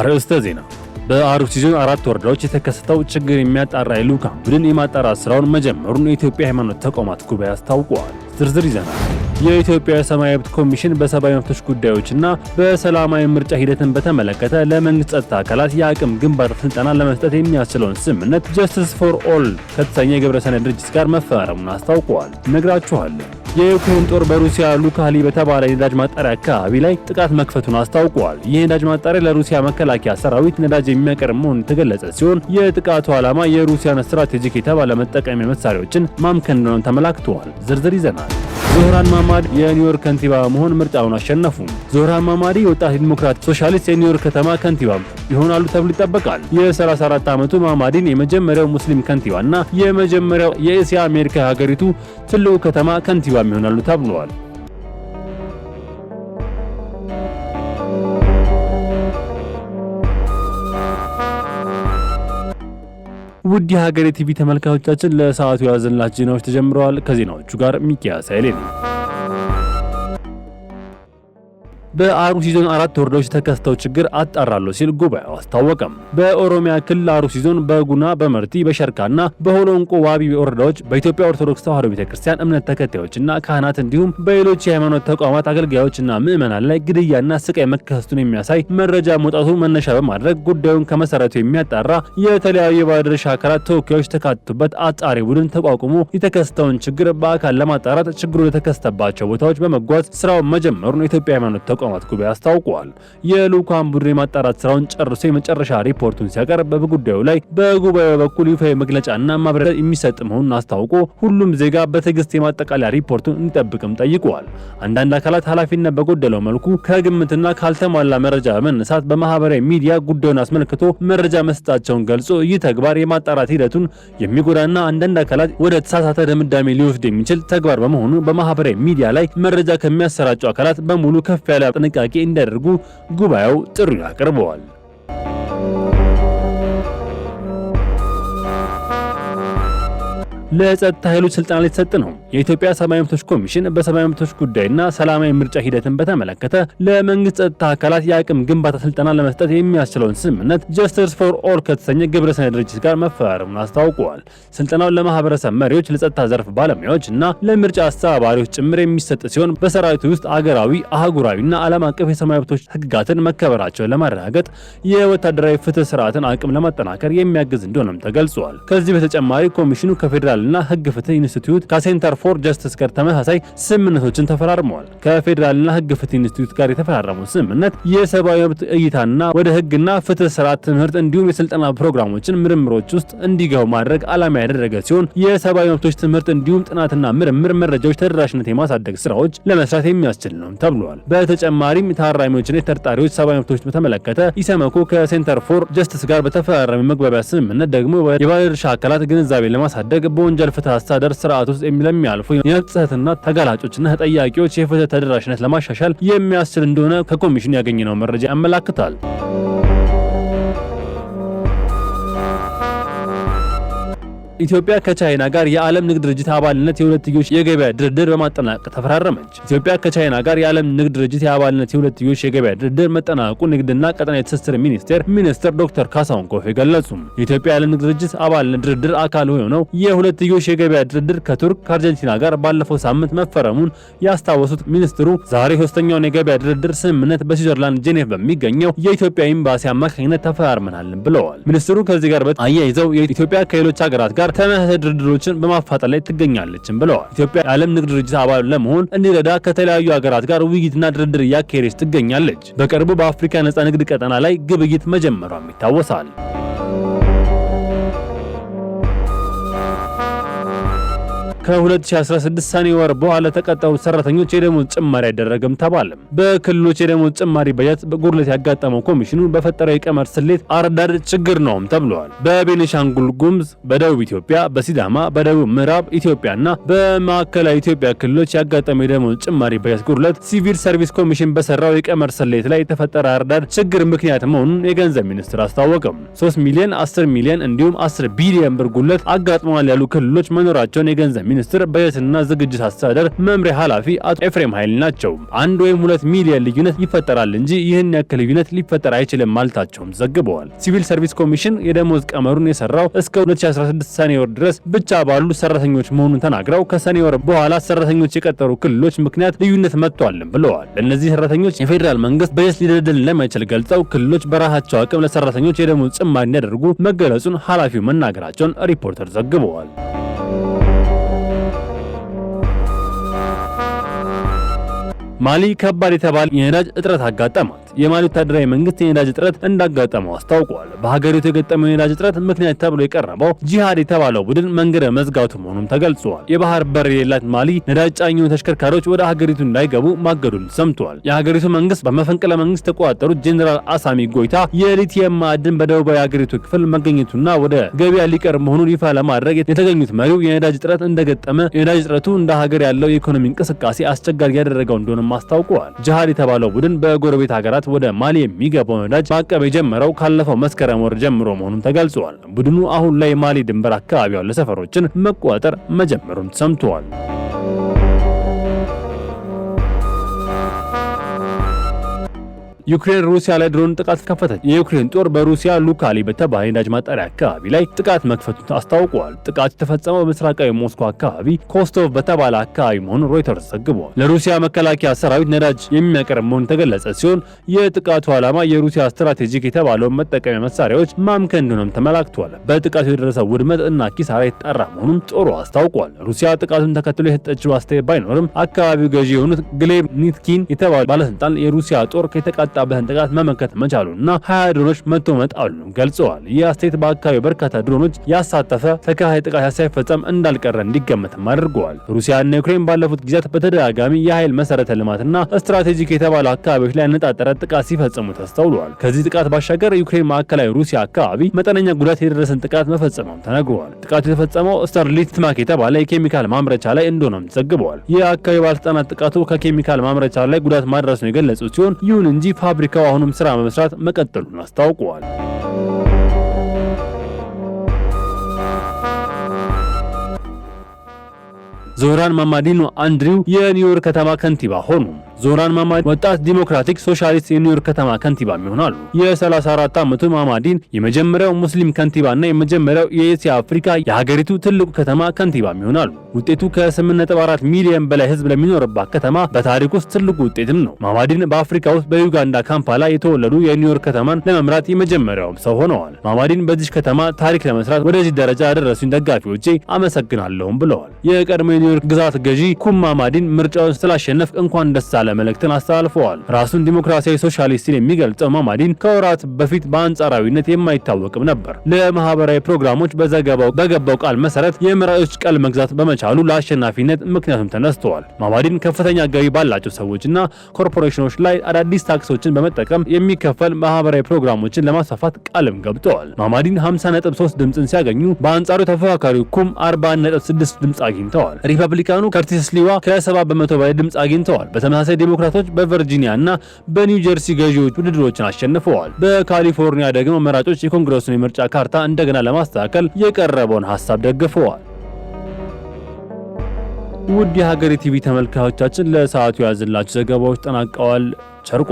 አርዕስተ ዜና በአርሲ ዞን አራት ወረዳዎች የተከሰተው ችግር የሚያጣራ የልዑካን ቡድን የማጣራት ስራውን መጀመሩን የኢትዮጵያ ሃይማኖት ተቋማት ጉባኤ አስታውቀዋል። ዝርዝር ይዘናል። የኢትዮጵያ ሰብአዊ መብት ኮሚሽን በሰብአዊ መብቶች ጉዳዮችና በሰላማዊ ምርጫ ሂደትን በተመለከተ ለመንግስት ጸጥታ አካላት የአቅም ግንባታ ስልጠና ለመስጠት የሚያስችለውን ስምምነት ጀስትስ ፎር ኦል ከተሰኘ የግብረ ድርጅት ጋር መፈራረሙን አስታውቀዋል። ነግራችኋለን። የዩክሬን ጦር በሩሲያ ሉካሊ በተባለ የነዳጅ ማጣሪያ አካባቢ ላይ ጥቃት መክፈቱን አስታውቀዋል። ይህ የነዳጅ ማጣሪያ ለሩሲያ መከላከያ ሰራዊት ነዳጅ የሚያቀርብ መሆኑን የተገለጸ ሲሆን የጥቃቱ ዓላማ የሩሲያን ስትራቴጂክ የተባለ መጠቀሚያ መሳሪያዎችን ማምከን እንደሆነ ተመላክተዋል። ዝርዝር ይዘናል። ዞህራን ማማዲ የኒውዮርክ ከንቲባ መሆን ምርጫውን አሸነፉ። ዞህራን ማማዲ የወጣት ዲሞክራት ሶሻሊስት የኒውዮርክ ከተማ ከንቲባ ይሆናሉ ተብሎ ይጠበቃል። የ34 ዓመቱ ማማዲን የመጀመሪያው ሙስሊም ከንቲባና የመጀመሪያው የእስያ አሜሪካ ሀገሪቱ ትልቁ ከተማ ከንቲባም ይሆናሉ ተብለዋል። ውድ የሀገሬ ቲቪ ተመልካዮቻችን ለሰዓቱ የያዘንላችሁ ዜናዎች ተጀምረዋል። ከዜናዎቹ ጋር ሚኪያ ሳይሌ ነው። በአሩሲዞን አራት ወረዳዎች የተከሰተው ችግር አጣራለሁ ሲል ጉባኤው አስታወቀም። በኦሮሚያ ክልል አሩሲዞን በጉና በመርቲ በሸርካና በሆሎንቆ ዋቢ ወረዳዎች በኢትዮጵያ ኦርቶዶክስ ተዋሕዶ ቤተክርስቲያን እምነት ተከታዮችና ካህናት እንዲሁም በሌሎች የሃይማኖት ተቋማት አገልጋዮችና ምዕመናን ላይ ግድያና ስቃይ መከሰቱን የሚያሳይ መረጃ መውጣቱ መነሻ በማድረግ ጉዳዩን ከመሰረቱ የሚያጣራ የተለያዩ የባለድርሻ አካላት ተወካዮች ተካተቱበት አጣሪ ቡድን ተቋቁሞ የተከሰተውን ችግር በአካል ለማጣራት ችግሩ የተከሰተባቸው ቦታዎች በመጓዝ ስራውን መጀመሩን የኢትዮጵያ ሃይማኖት ተቋ ተቋማት ጉባኤ አስታውቀዋል። የልዑካን ቡድን የማጣራት ስራውን ጨርሶ የመጨረሻ ሪፖርቱን ሲያቀርብ በጉዳዩ ላይ በጉባኤው በኩል ይፋዊ መግለጫና ማብራሪያ የሚሰጥ መሆኑን አስታውቆ ሁሉም ዜጋ በትዕግስት የማጠቃለያ ሪፖርቱን እንዲጠብቅም ጠይቋል። አንዳንድ አካላት ኃላፊነት በጎደለው መልኩ ከግምትና ካልተሟላ መረጃ በመነሳት በማህበራዊ ሚዲያ ጉዳዩን አስመልክቶ መረጃ መስጠታቸውን ገልጾ ይህ ተግባር የማጣራት ሂደቱን የሚጎዳና አንዳንድ አካላት ወደ ተሳሳተ ድምዳሜ ሊወስድ የሚችል ተግባር በመሆኑ በማህበራዊ ሚዲያ ላይ መረጃ ከሚያሰራጩ አካላት በሙሉ ከፍ ያለ ጥንቃቄ እንዲያደርጉ ጉባኤው ጥሪ አቅርበዋል። ለጸጥታ ኃይሎች ስልጣን ላይ የተሰጠ ነው። የኢትዮጵያ ሰብአዊ መብቶች ኮሚሽን በሰብአዊ መብቶች ጉዳይና ሰላማዊ ምርጫ ሂደትን በተመለከተ ለመንግስት ጸጥታ አካላት የአቅም ግንባታ ስልጠና ለመስጠት የሚያስችለውን ስምምነት ጀስትስ ፎር ኦል ከተሰኘ ግብረሰናይ ድርጅት ጋር መፈራረሙን አስታውቀዋል። ስልጠናውን ለማህበረሰብ መሪዎች፣ ለጸጥታ ዘርፍ ባለሙያዎች እና ለምርጫ አስተባባሪዎች ጭምር የሚሰጥ ሲሆን በሰራዊቱ ውስጥ አገራዊ፣ አህጉራዊና ዓለም አቀፍ የሰብአዊ መብቶች ህግጋትን መከበራቸውን ለማረጋገጥ የወታደራዊ ፍትህ ስርዓትን አቅም ለማጠናከር የሚያግዝ እንደሆነም ተገልጿል። ከዚህ በተጨማሪ ኮሚሽኑ ከፌዴራልና ህግ ፍትህ ኢንስቲትዩት ከሴንተር ፎር ጀስትስ ጋር ተመሳሳይ ስምምነቶችን ተፈራርመዋል። ከፌዴራልና ህግ ፍትህ ኢንስቲትዩት ጋር የተፈራረሙት ስምምነት የሰብአዊ መብት እይታና ወደ ህግና ፍትህ ስርዓት ትምህርት እንዲሁም የስልጠና ፕሮግራሞችን ምርምሮች ውስጥ እንዲገቡ ማድረግ ዓላማ ያደረገ ሲሆን የሰብአዊ መብቶች ትምህርት እንዲሁም ጥናትና ምርምር መረጃዎች ተደራሽነት የማሳደግ ስራዎች ለመስራት የሚያስችል ነው ተብሏል። በተጨማሪም ታራሚዎችና የተጠርጣሪዎች ሰብአዊ መብቶች በተመለከተ ኢሰመኮ ከሴንተር ፎር ጀስትስ ጋር በተፈራረመ መግባቢያ ስምምነት ደግሞ የባለድርሻ አካላት ግንዛቤ ለማሳደግ በወንጀል ፍትህ አስተዳደር ስርዓት ውስጥ የሚለሚያ የሚያልፉ የፍትህትና ተጋላጮችና ተጠያቂዎች የፍትህ ተደራሽነት ለማሻሻል የሚያስችል እንደሆነ ከኮሚሽን ያገኘነው መረጃ ያመላክታል። ኢትዮጵያ ከቻይና ጋር የዓለም ንግድ ድርጅት አባልነት የሁለትዮሽ የገበያ ድርድር በማጠናቀቅ ተፈራረመች። ኢትዮጵያ ከቻይና ጋር የዓለም ንግድ ድርጅት የአባልነት የሁለትዮሽ የገበያ ድርድር መጠናቀቁ ንግድና ቀጠናዊ ትስስር ሚኒስቴር ሚኒስትር ዶክተር ካሳሁን ኮፍ ገለጹ። የኢትዮጵያ የዓለም ንግድ ድርጅት አባልነት ድርድር አካል የሆነው የሁለትዮሽ የገበያ ድርድር ከቱርክ ከአርጀንቲና ጋር ባለፈው ሳምንት መፈረሙን ያስታወሱት ሚኒስትሩ ዛሬ ሶስተኛውን የገበያ ድርድር ስምምነት በስዊዘርላንድ ጄኔቭ በሚገኘው የኢትዮጵያ ኤምባሲ አማካኝነት ተፈራርመናል ብለዋል። ሚኒስትሩ ከዚህ ጋር አያይዘው ኢትዮጵያ ከሌሎች ሀገራት ጋር ጋር ተመሳሳይ ድርድሮችን በማፋጠን ላይ ትገኛለችም ብለዋል። ኢትዮጵያ የዓለም ንግድ ድርጅት አባል ለመሆን እንዲረዳ ከተለያዩ ሀገራት ጋር ውይይትና ድርድር እያካሄደች ትገኛለች። በቅርቡ በአፍሪካ ነጻ ንግድ ቀጠና ላይ ግብይት መጀመሯም ይታወሳል። ከ2016 ሰኔ ወር በኋላ የተቀጠሩት ሰራተኞች የደሞዝ ጭማሪ አይደረግም ተባለ። በክልሎች የደሞዝ ጭማሪ በጀት ጉድለት ያጋጠመው ኮሚሽኑ በፈጠረው የቀመር ስሌት አረዳድ ችግር ነውም ተብሏል። በቤኒሻንጉል ጉምዝ በደቡብ ኢትዮጵያ፣ በሲዳማ፣ በደቡብ ምዕራብ ኢትዮጵያና በማዕከላዊ ኢትዮጵያ ክልሎች ያጋጠመው የደሞዝ ጭማሪ በጀት ጉድለት ሲቪል ሰርቪስ ኮሚሽን በሰራው የቀመር ስሌት ላይ የተፈጠረ አረዳድ ችግር ምክንያት መሆኑን የገንዘብ ሚኒስትር አስታወቀም። 3 ሚሊዮን፣ 10 ሚሊዮን እንዲሁም 10 ቢሊዮን ብር ጉድለት አጋጥመዋል ያሉ ክልሎች መኖራቸውን የገንዘብ ሚኒስትር በጀትና ዝግጅት አስተዳደር መምሪያ ኃላፊ አቶ ኤፍሬም ኃይል ናቸው። አንድ ወይም ሁለት ሚሊዮን ልዩነት ይፈጠራል እንጂ ይህን ያክል ልዩነት ሊፈጠር አይችልም ማለታቸውም ዘግበዋል። ሲቪል ሰርቪስ ኮሚሽን የደሞዝ ቀመሩን የሰራው እስከ 2016 ሰኔ ወር ድረስ ብቻ ባሉ ሰራተኞች መሆኑን ተናግረው ከሰኔ ወር በኋላ ሰራተኞች የቀጠሩ ክልሎች ምክንያት ልዩነት መጥቷልም ብለዋል። ለእነዚህ ሰራተኞች የፌዴራል መንግስት በጀት ሊደለድል እንደማይችል ገልጸው ክልሎች በራሳቸው አቅም ለሰራተኞች የደሞዝ ጭማሪ እንዲያደርጉ መገለጹን ኃላፊው መናገራቸውን ሪፖርተር ዘግበዋል። ማሊ ከባድ የተባለ የነዳጅ እጥረት አጋጠማት። የማሊ ወታደራዊ መንግስት የነዳጅ እጥረት እንዳጋጠመው አስታውቋል። በሀገሪቱ የገጠመው የነዳጅ እጥረት ምክንያት ተብሎ የቀረበው ጂሃድ የተባለው ቡድን መንገድ መዝጋቱ መሆኑም ተገልጿል። የባህር በር የሌላት ማሊ ነዳጅ ጫኝ ተሽከርካሪዎች ወደ ሀገሪቱ እንዳይገቡ ማገዱን ሰምቷል። የሀገሪቱ መንግስት በመፈንቅለ መንግስት የተቆጣጠሩት ጄኔራል አሳሚ ጎይታ የሊቲየም ማዕድን በደቡባዊ ሀገሪቱ ክፍል መገኘቱና ወደ ገበያ ሊቀርብ መሆኑን ይፋ ለማድረግ የተገኙት መሪው የነዳጅ እጥረት እንደገጠመ የነዳጅ እጥረቱ እንደ ሀገር ያለው የኢኮኖሚ እንቅስቃሴ አስቸጋሪ ያደረገው እንደሆነም አስታውቀዋል። ጅሃድ የተባለው ቡድን በጎረቤት ሀገራት በመግዛት ወደ ማሊ የሚገባው ነዳጅ ማቀብ የጀመረው ካለፈው መስከረም ወር ጀምሮ መሆኑን ተገልጿል። ቡድኑ አሁን ላይ ማሊ ድንበር አካባቢ ያሉ ሰፈሮችን መቆጣጠር መጀመሩን ሰምተዋል። ዩክሬን ሩሲያ ላይ ድሮን ጥቃት ከፈተች። የዩክሬን ጦር በሩሲያ ሉካሊ በተባለ ነዳጅ ማጣሪያ አካባቢ ላይ ጥቃት መክፈቱን አስታውቋል። ጥቃቱ የተፈጸመው በምስራቃዊ ሞስኮ አካባቢ ኮስቶቭ በተባለ አካባቢ መሆኑን ሮይተርስ ዘግቧል። ለሩሲያ መከላከያ ሰራዊት ነዳጅ የሚያቀርብ መሆኑ ተገለጸ ሲሆን የጥቃቱ ዓላማ የሩሲያ ስትራቴጂክ የተባለውን መጠቀሚያ መሳሪያዎች ማምከን እንደሆነም ተመላክቷል። በጥቃቱ የደረሰው ውድመት እና ኪሳራ የተጣራ መሆኑን ጦሩ አስታውቋል። ሩሲያ ጥቃቱን ተከትሎ የሰጠችው አስተያየት ባይኖርም አካባቢው ገዢ የሆኑት ኒትኪን የተባሉ ባለስልጣን የሩሲያ ጦር ከተቃ የመጣበትን ጥቃት መመከት መቻሉ እና ሀያ ድሮኖች መቶ መጣሉ ገልጸዋል። ይህ አስተያየት በአካባቢው በርካታ ድሮኖች ያሳተፈ ተከታታይ ጥቃት ሳይፈጸም እንዳልቀረ እንዲገመትም አድርገዋል። ሩሲያና ዩክሬን ባለፉት ጊዜያት በተደጋጋሚ የኃይል መሰረተ ልማትና ስትራቴጂክ የተባሉ አካባቢዎች ላይ ያነጣጠረ ጥቃት ሲፈጽሙ ተስተውለዋል። ከዚህ ጥቃት ባሻገር ዩክሬን ማዕከላዊ ሩሲያ አካባቢ መጠነኛ ጉዳት የደረሰን ጥቃት መፈጸመም ተነግረዋል። ጥቃቱ የተፈጸመው ስተርሊትማክ የተባለ የኬሚካል ማምረቻ ላይ እንደሆነም ተዘግበዋል። የአካባቢ ባለስልጣናት ጥቃቱ ከኬሚካል ማምረቻ ላይ ጉዳት ማድረስ ነው የገለጹ ሲሆን ይሁን እንጂ ፋብሪካው አሁንም ስራ በመስራት መቀጠሉን አስታውቀዋል። ዞራን ማማዲኖ አንድሪው የኒውዮርክ ከተማ ከንቲባ ሆኑ። ዞራን ማማዲን ወጣት ዲሞክራቲክ ሶሻሊስት የኒውዮርክ ከተማ ከንቲባ ይሆናሉ። የ34 ዓመቱ ማማዲን የመጀመሪያው ሙስሊም ከንቲባና የመጀመሪያው የኤስያ አፍሪካ የሀገሪቱ ትልቁ ከተማ ከንቲባ ይሆናሉ። ውጤቱ ከ8.4 ሚሊዮን በላይ ህዝብ ለሚኖርባት ከተማ በታሪክ ውስጥ ትልቁ ውጤትም ነው። ማማዲን በአፍሪካ ውስጥ በዩጋንዳ ካምፓላ የተወለዱ የኒውዮርክ ከተማን ለመምራት የመጀመሪያውም ሰው ሆነዋል። ማማዲን በዚህ ከተማ ታሪክ ለመስራት ወደዚህ ደረጃ ያደረሱኝ ደጋፊዎቼ አመሰግናለሁም ብለዋል። የቀድሞ የኒውዮርክ ግዛት ገዢ ኩማማዲን ምርጫውን ስላሸነፍ እንኳን ደስ አለ መልእክትን አስተላልፈዋል። ራሱን ዲሞክራሲያዊ ሶሻሊስትን የሚገልጸው ማማዲን ከወራት በፊት በአንጻራዊነት የማይታወቅም ነበር። ለማህበራዊ ፕሮግራሞች በዘገባው በገባው ቃል መሰረት የመራጮች ቀል መግዛት በመቻሉ ለአሸናፊነት ምክንያቱም ተነስተዋል። ማማዲን ከፍተኛ ገቢ ባላቸው ሰዎችና ኮርፖሬሽኖች ላይ አዳዲስ ታክሶችን በመጠቀም የሚከፈል ማህበራዊ ፕሮግራሞችን ለማስፋፋት ቃልም ገብተዋል። ማማዲን 50.3 ድምፅን ሲያገኙ በአንጻሩ ተፎካካሪው ኩም 40.6 ድምፅ አግኝተዋል። ሪፐብሊካኑ ከርቲስ ሊዋ ከ70 በመቶ በላይ ድምፅ አግኝተዋል። በተመሳሳይ ዴሞክራቶች በቨርጂኒያ እና በኒው ጀርሲ ገዢዎች ውድድሮችን አሸንፈዋል። በካሊፎርኒያ ደግሞ መራጮች የኮንግረሱን የምርጫ ካርታ እንደገና ለማስተካከል የቀረበውን ሀሳብ ደግፈዋል። ውድ የሀገሬ ቲቪ ተመልካዮቻችን ለሰዓቱ ያዝላችሁ ዘገባዎች ጠናቀዋል። ቸርቁ